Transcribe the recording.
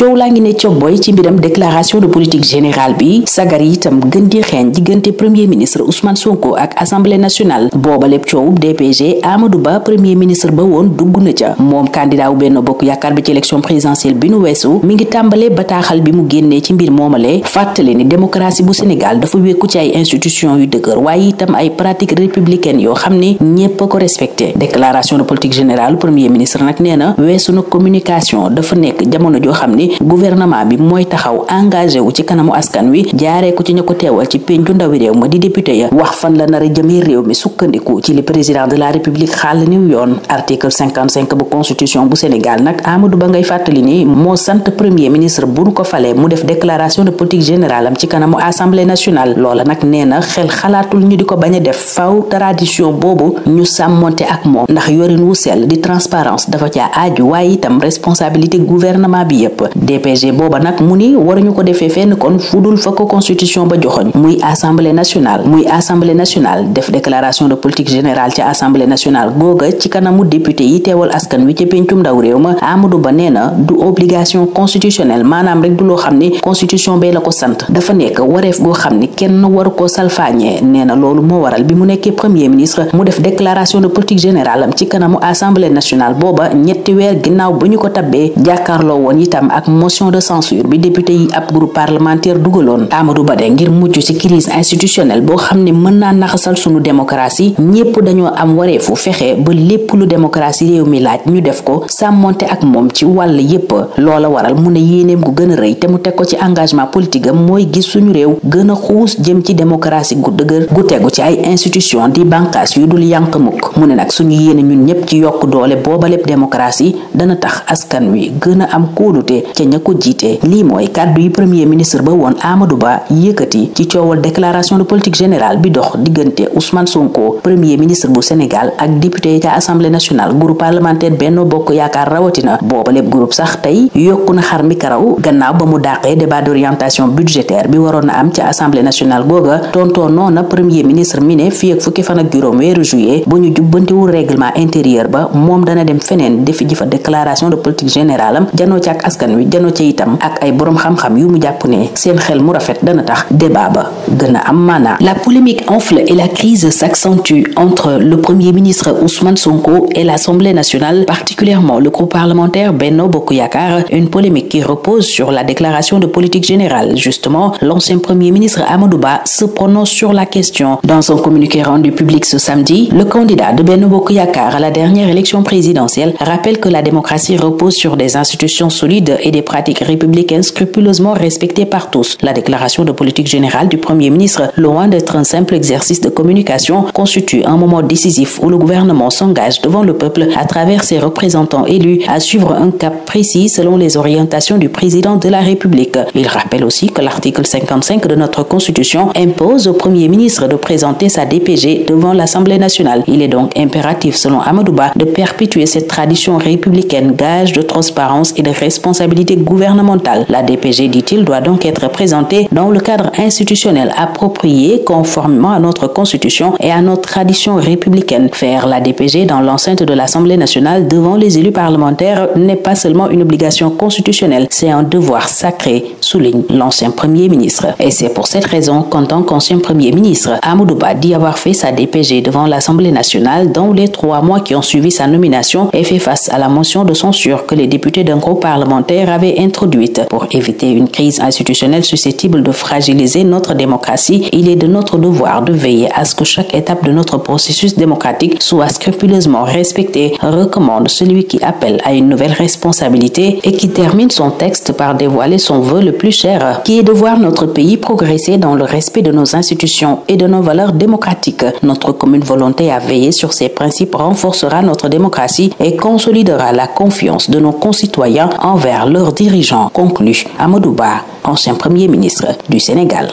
coow la ngi ne boy ci mbiram déclaration de politique générale bi sagari yi itam gën di premier ministre Ousmane Sonko ak assemblée nationale Boba lépp DPG Amadou Ba premier ministre ba won dugg na ca mom candidat wu Bokk Yaakaar bi ci élection présidentielle bi nu wessu mi ngi tambalé bataxal bi mu génné ci mbir ni démocratie bu Sénégal dafa wéku ci ay institution yu dëgër waaye itam ay pratiques républicaines yo xamné ñepp ko respecté déclaration de politique générale premier ministre naknena, néna communication dafa nekk jamono jo xamné ni gouvernement bi mooy taxaw engagé wu ci kanamu askan wi jaaree ko ci ñu ko teewal ci péncu ndawi réew ma di député ya wax fan la nar a jëmee réew mi sukkandiku ci li président de la république xaal niw yoon article 55 bu constitution bu Sénégal nag Amadou Ba ngay fàttali ni moo sant premier ministre bu nu ko falee mu def déclaration de politique générale am ci kanamu assemblée nationale loola nag nee na xel xalaatul ñu di ko bañ a def faw tradition boobu ñu sàmmonte ak moom ndax yorin wu sell di transparence dafa caa aaju waaye itam responsabilité gouvernement bi yépp DPG booba nag mu ni waruñu ko defee fenn kon fudul fa ko constitution ba joxoñ muy assemblée nationale muy assemblée nationale def déclaration de politique générale ci assemblée nationale googa ci kanamu député yi wi ca péncum ndaw Ba nee na du obligation constitutionnelle maanaam rek du loo xam ni constitution bee la ko sant dafa nekk wareef xam ni kenn waru ko salfaañee nee na loolu moo waral bi mu nekkee premier ministre mu de politique générale am ci kanamu assemblée nationale booba ñetti weer ginnaaw bu ñu ko tabbee jàkkaarloo woon itam ak motion de censure bi député yi ab groupe parlementaire dugaloon Amadou Ba de ngir mucc ci crise institutionnelle boo xam ne mën naa naxasal sunu démocratie ñépp dañoo am wareefu fexe ba lépp lu démocratie réew mi laaj ñu def ko sàmmonte ak moom ci wàll yépp loola waral mu ne yéeneem gu gën a rëy te mu teg ko ci engagement politique am mooy gis suñu réew gën a xuus jëm ci démocratie gu dëgër gu tegu ci ay institution di bànqaas yu dul yànq mukk mu ne nag suñu yéene ñun ñépp ci yokk doole boobaleb démocratie dana tax askan wi 嘅人一貫以 unanimité lii mooy kàddu yi premier ministre ba woon Amadou Ba yëkkati ci coowal déclaration de politique générale bi dox diggante Ousmane Sonko premier ministre bu Sénégal ak député yi ca assemblée nationale groupe parlementaire Benno Bokk Yaakaar rawatina booba lépp groupe sax tey yokku na xar mi karaw gannaaw ba mu dàqee débat d'orientation budgétaire bi waroon na am ca assemblée nationale googa tontoo noona premier ministre mi ne fii ak fukki fan ak juróom weeru juillet bu ñu jubbantiwul règlement intérieur ba moom dana dem feneen defi de politique générale am janoo ci la polémique enfle et la crise s'accentue entre le premier ministre Ousmane Sonko et l'Assemblée nationale particulièrement le groupe parlementaire Benno Bokuyakar, une polémique qui repose sur la déclaration de politique générale justement l'ancien premier ministre Amadou Ba se prononce sur la question dans son communiqué rendu public ce samedi le candidat de Benno Bokuyakar à la dernière élection présidentielle rappelle que la démocratie repose sur des institutions solides et des pratiques scrupuleusement respecté par tous. La déclaration de politique générale du Premier ministre, loin d'être un simple exercice de communication, constitue un moment décisif où le gouvernement s'engage devant le peuple à travers ses représentants élus à suivre un cap précis selon les orientations du président de la République. Il rappelle aussi que l'article 55 de notre Constitution impose au Premier ministre de présenter sa DPG devant l'Assemblée nationale. Il est donc impératif, selon Amadouba, de perpétuer cette tradition républicaine, gage de transparence et de responsabilité gouvernementale la DPG, dit-il, doit donc être présentée dans le cadre institutionnel approprié conformément à notre constitution et à notre tradition républicaine. Faire la DPG dans l'enceinte de l'Assemblée nationale devant les élus parlementaires n'est pas seulement une obligation constitutionnelle, c'est un devoir sacré, souligne l'ancien Premier ministre. Et c'est pour cette raison qu'en tant qu'ancien Premier ministre, Amoudouba dit avoir fait sa DPG devant l'Assemblée nationale dans les trois mois qui ont suivi sa nomination et fait face à la motion de censure que les députés d'un groupe parlementaire avaient introduite pour éviter une crise institutionnelle susceptible de fragiliser notre démocratie, il est de notre devoir de veiller à ce que chaque étape de notre processus démocratique soit scrupuleusement respectée, recommande celui qui appelle à une nouvelle responsabilité et qui termine son texte par dévoiler son vœu le plus cher, qui est de voir notre pays progresser dans le respect de nos institutions et de nos valeurs démocratiques. Notre commune volonté à veiller sur ces principes renforcera notre démocratie et consolidera la confiance de nos concitoyens envers leurs dirigeants conclut Ba, ancien Premier ministre du Sénégal.